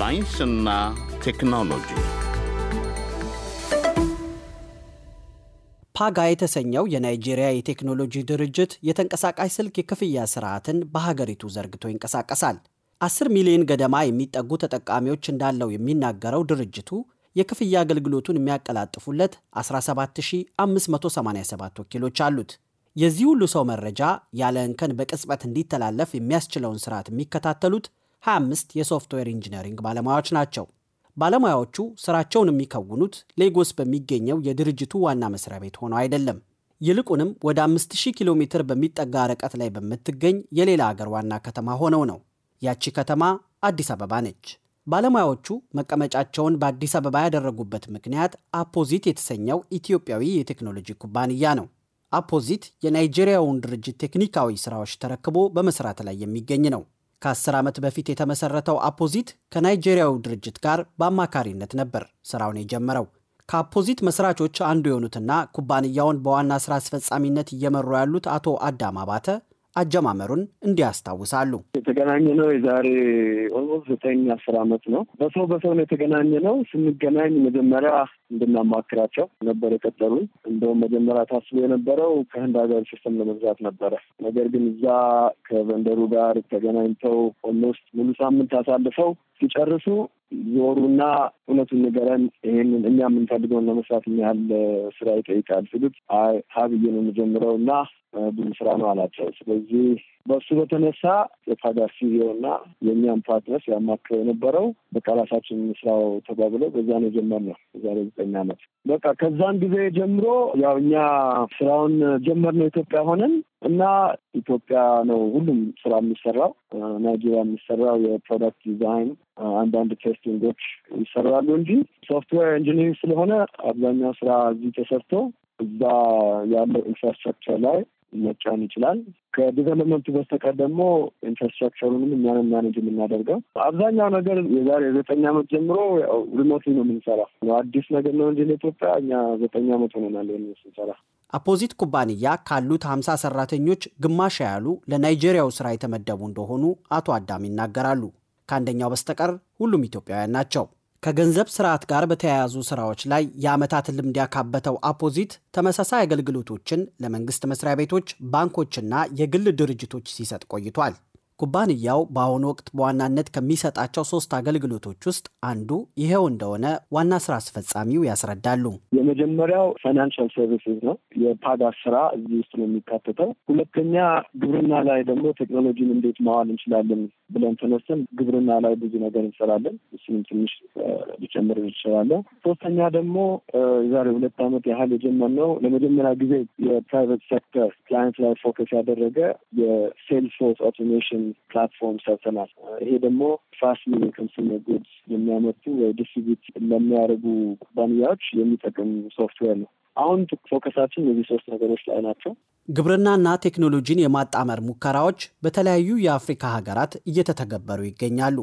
ሳይንስና ቴክኖሎጂ ፓጋ የተሰኘው የናይጄሪያ የቴክኖሎጂ ድርጅት የተንቀሳቃሽ ስልክ የክፍያ ስርዓትን በሀገሪቱ ዘርግቶ ይንቀሳቀሳል። አስር ሚሊዮን ገደማ የሚጠጉ ተጠቃሚዎች እንዳለው የሚናገረው ድርጅቱ የክፍያ አገልግሎቱን የሚያቀላጥፉለት 17587 ወኪሎች አሉት። የዚህ ሁሉ ሰው መረጃ ያለ እንከን በቅጽበት እንዲተላለፍ የሚያስችለውን ስርዓት የሚከታተሉት 25 የሶፍትዌር ኢንጂነሪንግ ባለሙያዎች ናቸው። ባለሙያዎቹ ስራቸውን የሚከውኑት ሌጎስ በሚገኘው የድርጅቱ ዋና መስሪያ ቤት ሆነው አይደለም። ይልቁንም ወደ 5000 ኪሎ ሜትር በሚጠጋ ርቀት ላይ በምትገኝ የሌላ አገር ዋና ከተማ ሆነው ነው። ያቺ ከተማ አዲስ አበባ ነች። ባለሙያዎቹ መቀመጫቸውን በአዲስ አበባ ያደረጉበት ምክንያት አፖዚት የተሰኘው ኢትዮጵያዊ የቴክኖሎጂ ኩባንያ ነው። አፖዚት የናይጄሪያውን ድርጅት ቴክኒካዊ ስራዎች ተረክቦ በመስራት ላይ የሚገኝ ነው። ከ10 ዓመት በፊት የተመሰረተው አፖዚት ከናይጄሪያዊ ድርጅት ጋር በአማካሪነት ነበር ስራውን የጀመረው። ከአፖዚት መስራቾች አንዱ የሆኑትና ኩባንያውን በዋና ስራ አስፈጻሚነት እየመሩ ያሉት አቶ አዳም አባተ አጀማመሩን እንዲያስታውሳሉ። የተገናኘ ነው የዛሬ ኦልሞስት ዘጠኝ አስር ዓመት ነው። በሰው በሰው ነው የተገናኘ ነው። ስንገናኝ መጀመሪያ እንድናማክራቸው ነበር የቀጠሉን። እንደውም መጀመሪያ ታስቦ የነበረው ከህንድ ሀገር ሲስተም ለመግዛት ነበረ። ነገር ግን እዛ ከቨንደሩ ጋር ተገናኝተው ኦልሞስት ሙሉ ሳምንት አሳልፈው ሲጨርሱ ዞሩና እውነቱን ንገረን፣ ይህንን እኛ የምንፈልገውን ለመስራት ያህል ስራ ይጠይቃል ሲሉት ሀብዬ ነው የምጀምረው እና ብዙ ስራ ነው አላቸው። ስለዚህ በሱ በተነሳ የፓጋር ሲዮ እና የእኛም ፓርትነርስ ያማክረው የነበረው በቃ ራሳችን ስራው ተባብሎ በዛ ነው የጀመርነው የዛሬ ዘጠኝ ዓመት በቃ ከዛን ጊዜ ጀምሮ ያው እኛ ስራውን ጀመርነው ኢትዮጵያ ሆነን እና ኢትዮጵያ ነው ሁሉም ስራ የሚሰራው። ናይጄሪያ የሚሰራው የፕሮዳክት ዲዛይን አንዳንድ ቴስቲንጎች ይሰራሉ እንጂ ሶፍትዌር ኢንጂኒሪንግ ስለሆነ አብዛኛው ስራ እዚህ ተሰርቶ እዛ ያለው ኢንፍራስትራክቸር ላይ መጫን ይችላል። ከዲቨሎፕመንቱ በስተቀር ደግሞ ኢንፍራስትራክቸሩንም እኛን ማኔጅ የምናደርገው አብዛኛው ነገር የዛሬ ዘጠኝ ዓመት ጀምሮ ሪሞት ነው የምንሰራ። አዲስ ነገር ነው እንጂ ለኢትዮጵያ እኛ ዘጠኝ ዓመት ሆነናል ስንሰራ አፖዚት ኩባንያ ካሉት 50 ሰራተኞች ግማሽ ያሉ ለናይጄሪያው ስራ የተመደቡ እንደሆኑ አቶ አዳም ይናገራሉ። ከአንደኛው በስተቀር ሁሉም ኢትዮጵያውያን ናቸው። ከገንዘብ ስርዓት ጋር በተያያዙ ስራዎች ላይ የዓመታት ልምድ ያካበተው አፖዚት ተመሳሳይ አገልግሎቶችን ለመንግስት መስሪያ ቤቶች፣ ባንኮችና የግል ድርጅቶች ሲሰጥ ቆይቷል። ኩባንያው በአሁኑ ወቅት በዋናነት ከሚሰጣቸው ሶስት አገልግሎቶች ውስጥ አንዱ ይሄው እንደሆነ ዋና ስራ አስፈጻሚው ያስረዳሉ። የመጀመሪያው ፋይናንሻል ሰርቪስዝ ነው። የፓጋ ስራ እዚህ ውስጥ ነው የሚካተተው። ሁለተኛ ግብርና ላይ ደግሞ ቴክኖሎጂን እንዴት ማዋል እንችላለን ብለን ተነስተን ግብርና ላይ ብዙ ነገር እንሰራለን። እሱንም ትንሽ ሊጨምር ይችላለን። ሶስተኛ ደግሞ የዛሬ ሁለት ዓመት ያህል የጀመርነው ለመጀመሪያ ጊዜ የፕራይቬት ሴክተር ክላይንት ላይ ፎከስ ያደረገ የሴልስ አውቶሜሽን ፕላትፎርም ሰርተናል። ይሄ ደግሞ ፋስት ሙቪንግ ኮንሱመር ጉድስ የሚያመርቱ ወይ ዲስትሪቢዩት ለሚያደርጉ ኩባንያዎች የሚጠቅም ሶፍትዌር ነው። አሁን ፎከሳችን እነዚህ ሶስት ነገሮች ላይ ናቸው። ግብርናና ቴክኖሎጂን የማጣመር ሙከራዎች በተለያዩ የአፍሪካ ሀገራት እየተተገበሩ ይገኛሉ።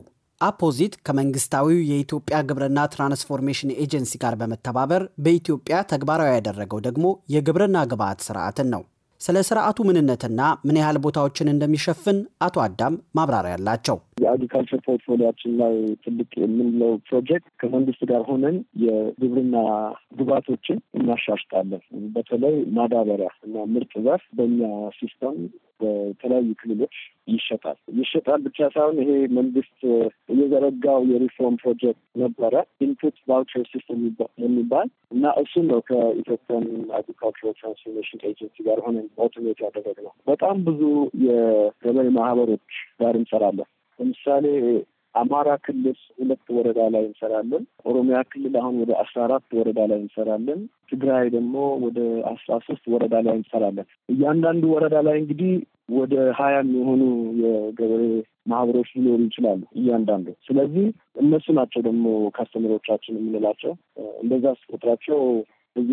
አፖዚት ከመንግስታዊው የኢትዮጵያ ግብርና ትራንስፎርሜሽን ኤጀንሲ ጋር በመተባበር በኢትዮጵያ ተግባራዊ ያደረገው ደግሞ የግብርና ግብዓት ስርዓትን ነው። ስለ ስርዓቱ ምንነትና ምን ያህል ቦታዎችን እንደሚሸፍን አቶ አዳም ማብራሪያ ያላቸው የአግሪካልቸር ፖርትፎሊያችን ላይ ትልቅ የምንለው ፕሮጀክት ከመንግስት ጋር ሆነን የግብርና ግብዓቶችን እናሻሽጣለን። በተለይ ማዳበሪያ እና ምርጥ ዘር በእኛ ሲስተም በተለያዩ ክልሎች ይሸጣል። ይሸጣል ብቻ ሳይሆን ይሄ መንግስት እየዘረጋው የሪፎርም ፕሮጀክት ነበረ ኢንፑት ቫውቸር ሲስተም የሚባል እና እሱን ነው ከኢትዮጵያን አግሪካልቸራል ትራንስፎርሜሽን ኤጀንሲ ጋር ሆነን ኦቶሜት ያደረግነው። በጣም ብዙ የገበሬ ማህበሮች ጋር እንሰራለን። ለምሳሌ አማራ ክልል ሁለት ወረዳ ላይ እንሰራለን። ኦሮሚያ ክልል አሁን ወደ አስራ አራት ወረዳ ላይ እንሰራለን። ትግራይ ደግሞ ወደ አስራ ሶስት ወረዳ ላይ እንሰራለን። እያንዳንዱ ወረዳ ላይ እንግዲህ ወደ ሀያ የሚሆኑ የገበሬ ማህበሮች ሊኖሩ ይችላሉ እያንዳንዱ። ስለዚህ እነሱ ናቸው ደግሞ ካስተምሮቻችን የምንላቸው። እንደዛ ቁጥራቸው ብዙ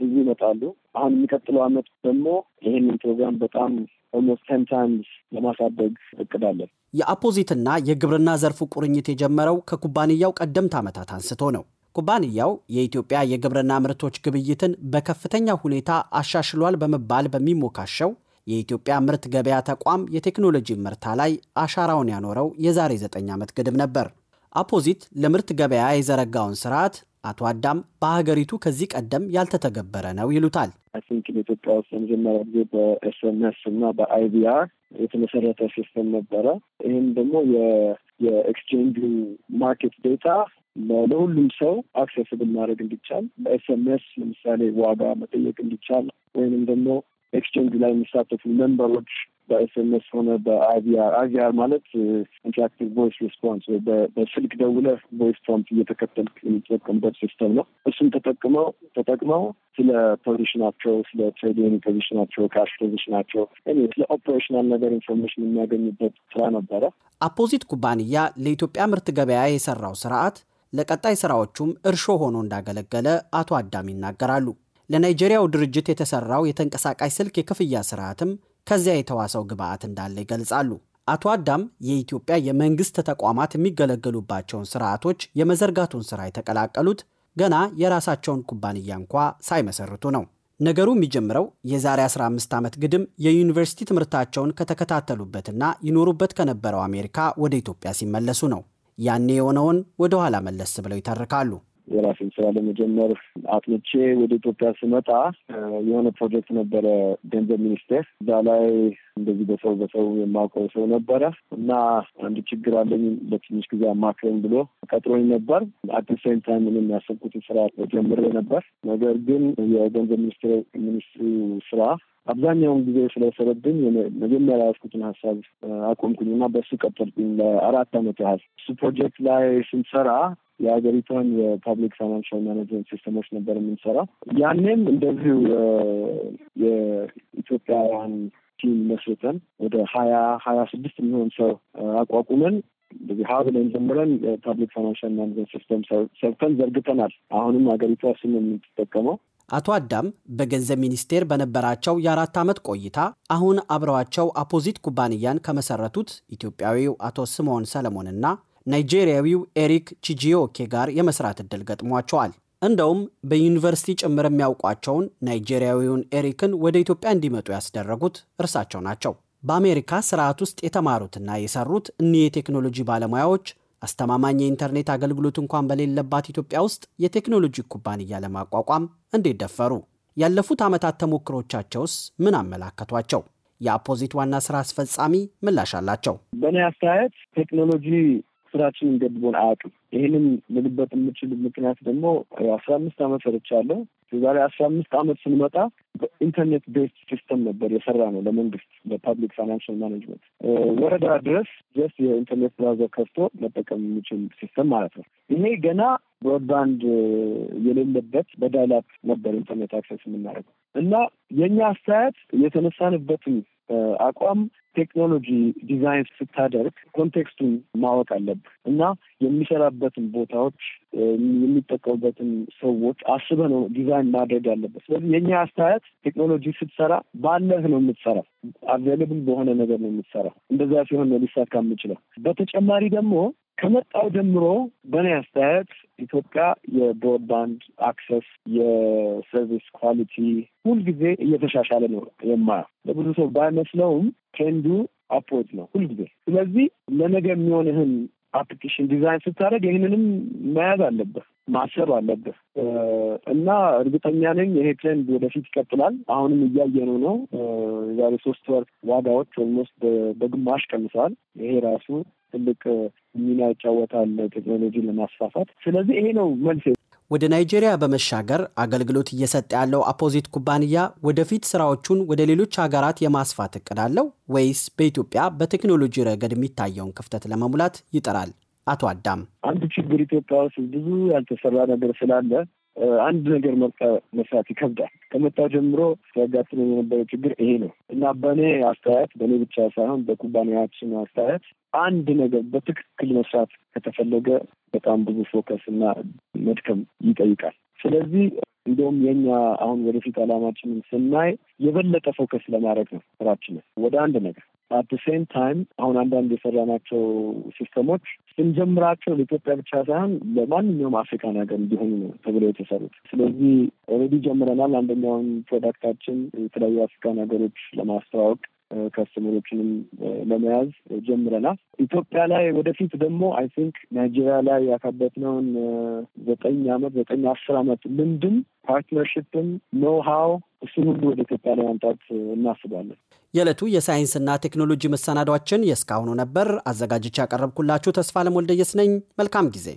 ብዙ ይመጣሉ። አሁን የሚቀጥለው አመት ደግሞ ይህንን ፕሮግራም በጣም ኦልሞስት ከንታንስ ለማሳደግ እቅዳለን። የአፖዚትና የግብርና ዘርፉ ቁርኝት የጀመረው ከኩባንያው ቀደምት ዓመታት አንስቶ ነው። ኩባንያው የኢትዮጵያ የግብርና ምርቶች ግብይትን በከፍተኛ ሁኔታ አሻሽሏል በመባል በሚሞካሸው የኢትዮጵያ ምርት ገበያ ተቋም የቴክኖሎጂ ምርታ ላይ አሻራውን ያኖረው የዛሬ ዘጠኝ ዓመት ግድም ነበር። አፖዚት ለምርት ገበያ የዘረጋውን ስርዓት አቶ አዳም በሀገሪቱ ከዚህ ቀደም ያልተተገበረ ነው ይሉታል። ኢትዮጵያ ውስጥ ለመጀመሪያ ጊዜ በኤስኤምኤስ እና በአይቪአር የተመሰረተ ሲስተም ነበረ። ይህም ደግሞ የኤክስቼንጁ ማርኬት ዴታ ለሁሉም ሰው አክሴስብል ማድረግ እንዲቻል በኤስኤምኤስ ለምሳሌ ዋጋ መጠየቅ እንዲቻል ወይንም ደግሞ ኤክስቼንጁ ላይ የሚሳተፉ መንበሮች በኤስኤምኤስ ሆነ በአይቪአር አይቪአር ማለት ኢንተራክቲቭ ቮይስ ሪስፖንስ በስልክ ደውለ ቮይስ ፕሮምፕት እየተከተልክ የሚጠቀምበት ሲስተም ነው። እሱም ተጠቅመው ተጠቅመው ስለ ፖዚሽናቸው ስለ ትሬዲንግ ፖዚሽናቸው፣ ካሽ ፖዚሽናቸው፣ ስለ ኦፕሬሽናል ነገር ኢንፎርሜሽን የሚያገኝበት ስራ ነበረ። አፖዚት ኩባንያ ለኢትዮጵያ ምርት ገበያ የሰራው ስርዓት ለቀጣይ ስራዎቹም እርሾ ሆኖ እንዳገለገለ አቶ አዳም ይናገራሉ። ለናይጄሪያው ድርጅት የተሰራው የተንቀሳቃሽ ስልክ የክፍያ ስርዓትም ከዚያ የተዋሰው ግብአት እንዳለ ይገልጻሉ። አቶ አዳም የኢትዮጵያ የመንግስት ተቋማት የሚገለገሉባቸውን ስርዓቶች የመዘርጋቱን ስራ የተቀላቀሉት ገና የራሳቸውን ኩባንያ እንኳ ሳይመሰርቱ ነው። ነገሩ የሚጀምረው የዛሬ 15 ዓመት ግድም የዩኒቨርሲቲ ትምህርታቸውን ከተከታተሉበትና ይኖሩበት ከነበረው አሜሪካ ወደ ኢትዮጵያ ሲመለሱ ነው። ያኔ የሆነውን ወደ ኋላ መለስ ብለው ይተርካሉ። የራሴን ስራ ለመጀመር አጥንቼ ወደ ኢትዮጵያ ስመጣ የሆነ ፕሮጀክት ነበረ ገንዘብ ሚኒስቴር እዛ ላይ እንደዚህ በሰው በሰው የማውቀው ሰው ነበረ እና አንድ ችግር አለኝ ለትንሽ ጊዜ አማክረኝ ብሎ ቀጥሮኝ ነበር። አት ሴም ታይም እኔም ያሰብኩትን ስራ ጀምሬ ነበር። ነገር ግን የገንዘብ ሚኒስቴር ሚኒስትሩ ስራ አብዛኛውን ጊዜ ስለወሰደብኝ መጀመሪያ ያስኩትን ሀሳብ አቆምኩኝ እና በሱ ቀጠልኩኝ ለአራት አመት ያህል። እሱ ፕሮጀክት ላይ ስንሰራ የሀገሪቷን የፐብሊክ ፋይናንሻል ማኔጅመንት ሲስተሞች ነበር የምንሰራው። ያኔም እንደዚሁ የኢትዮጵያውያን ቲም መስርተን ወደ ሀያ ሀያ ስድስት የሚሆን ሰው አቋቁመን እንደዚህ ሀ ብለን ጀምረን የፐብሊክ ፋይናንሻል ማኔጅመንት ሲስተም ሰርተን ዘርግተናል። አሁንም ሀገሪቷ ስም የምትጠቀመው አቶ አዳም በገንዘብ ሚኒስቴር በነበራቸው የአራት ዓመት ቆይታ አሁን አብረዋቸው አፖዚት ኩባንያን ከመሰረቱት ኢትዮጵያዊው አቶ ስምዖን ሰለሞንና ናይጄሪያዊው ኤሪክ ቺጂዮኬ ጋር የመስራት ዕድል ገጥሟቸዋል። እንደውም በዩኒቨርሲቲ ጭምር የሚያውቋቸውን ናይጄሪያዊውን ኤሪክን ወደ ኢትዮጵያ እንዲመጡ ያስደረጉት እርሳቸው ናቸው። በአሜሪካ ስርዓት ውስጥ የተማሩትና የሰሩት እኒህ የቴክኖሎጂ ባለሙያዎች አስተማማኝ የኢንተርኔት አገልግሎት እንኳን በሌለባት ኢትዮጵያ ውስጥ የቴክኖሎጂ ኩባንያ ለማቋቋም እንዴት ደፈሩ? ያለፉት ዓመታት ተሞክሮቻቸውስ ምን አመላከቷቸው? የአፖዚት ዋና ስራ አስፈጻሚ ምላሽ አላቸው። በእኔ አስተያየት ቴክኖሎጂ ስራችን እንገድቦን አያውቅም። ይህንን ልልበት የምችል ምክንያት ደግሞ አስራ አምስት አመት ሰርቻለሁ። የዛሬ አስራ አምስት አመት ስንመጣ በኢንተርኔት ቤስድ ሲስተም ነበር የሰራ ነው ለመንግስት ለፓብሊክ ፋይናንሽል ማኔጅመንት ወረዳ ድረስ ጀስ የኢንተርኔት ብራውዘር ከፍቶ መጠቀም የሚችል ሲስተም ማለት ነው። ይሄ ገና ብሮድባንድ የሌለበት በዳይላፕ ነበር ኢንተርኔት አክሰስ የምናደርገው እና የእኛ አስተያየት የተነሳንበትን አቋም ቴክኖሎጂ ዲዛይን ስታደርግ ኮንቴክስቱን ማወቅ አለብህ እና የሚሰራበትን ቦታዎች የሚጠቀሙበትን ሰዎች አስበህ ነው ዲዛይን ማድረግ ያለበት። ስለዚህ የኛ አስተያየት ቴክኖሎጂ ስትሰራ ባለህ ነው የምትሰራው፣ አቬለብል በሆነ ነገር ነው የምትሰራው። እንደዛ ሲሆን ነው ሊሳካ የምችለው። በተጨማሪ ደግሞ ከመጣው ጀምሮ በእኔ አስተያየት ኢትዮጵያ የብሮድባንድ አክሰስ የሰርቪስ ኳሊቲ ሁልጊዜ እየተሻሻለ ነው የማየው። ለብዙ ሰው ባይመስለውም ትሬንዱ አፕወርድ ነው ሁልጊዜ። ስለዚህ ለነገ የሚሆንህን አፕሊኬሽን ዲዛይን ስታደርግ ይህንንም መያዝ አለብህ፣ ማሰብ አለብህ እና እርግጠኛ ነኝ ይሄ ትሬንድ ወደፊት ይቀጥላል። አሁንም እያየነው ነው። የዛሬ ሶስት ወር ዋጋዎች ኦልሞስት በግማሽ ቀንሰዋል። ይሄ ራሱ ትልቅ ሚና ይጫወታል ቴክኖሎጂ ለማስፋፋት። ስለዚህ ይሄ ነው መልስ ወደ ናይጄሪያ በመሻገር አገልግሎት እየሰጠ ያለው አፖዚት ኩባንያ ወደፊት ስራዎቹን ወደ ሌሎች ሀገራት የማስፋት እቅድ አለው ወይስ በኢትዮጵያ በቴክኖሎጂ ረገድ የሚታየውን ክፍተት ለመሙላት ይጠራል? አቶ አዳም፣ አንድ ችግር ኢትዮጵያ ውስጥ ብዙ ያልተሰራ ነገር ስላለ አንድ ነገር መስራት ይከብዳል። ከመጣው ጀምሮ ሲያጋጥም የነበረው ችግር ይሄ ነው እና በእኔ አስተያየት፣ በእኔ ብቻ ሳይሆን በኩባንያችን አስተያየት አንድ ነገር በትክክል መስራት ከተፈለገ በጣም ብዙ ፎከስ እና መድከም ይጠይቃል። ስለዚህ እንዲሁም የኛ አሁን ወደፊት አላማችንን ስናይ የበለጠ ፎከስ ለማድረግ ነው ስራችንን ወደ አንድ ነገር አት ሴም ታይም አሁን አንዳንድ የሰራናቸው ሲስተሞች ስንጀምራቸው ለኢትዮጵያ ብቻ ሳይሆን ለማንኛውም አፍሪካን ሀገር እንዲሆኑ ነው ተብለው የተሰሩት። ስለዚህ ኦልሬዲ ጀምረናል። አንደኛውን ፕሮዳክታችን የተለያዩ አፍሪካን ሀገሮች ለማስተዋወቅ ከስተመሮችንም ለመያዝ ጀምረናል። ኢትዮጵያ ላይ ወደፊት ደግሞ አይ ቲንክ ናይጄሪያ ላይ ያካበትነውን ዘጠኝ አመት ዘጠኝ አስር አመት ልምድም ፓርትነርሽፕን ኖውሃው እሱን ሁሉ ወደ ኢትዮጵያ ለማምጣት እናስባለን። የዕለቱ የሳይንስና ቴክኖሎጂ መሰናዷችን የእስካሁኑ ነበር። አዘጋጅቼ ያቀረብኩላችሁ ተስፋ ለሞልደየስ ነኝ። መልካም ጊዜ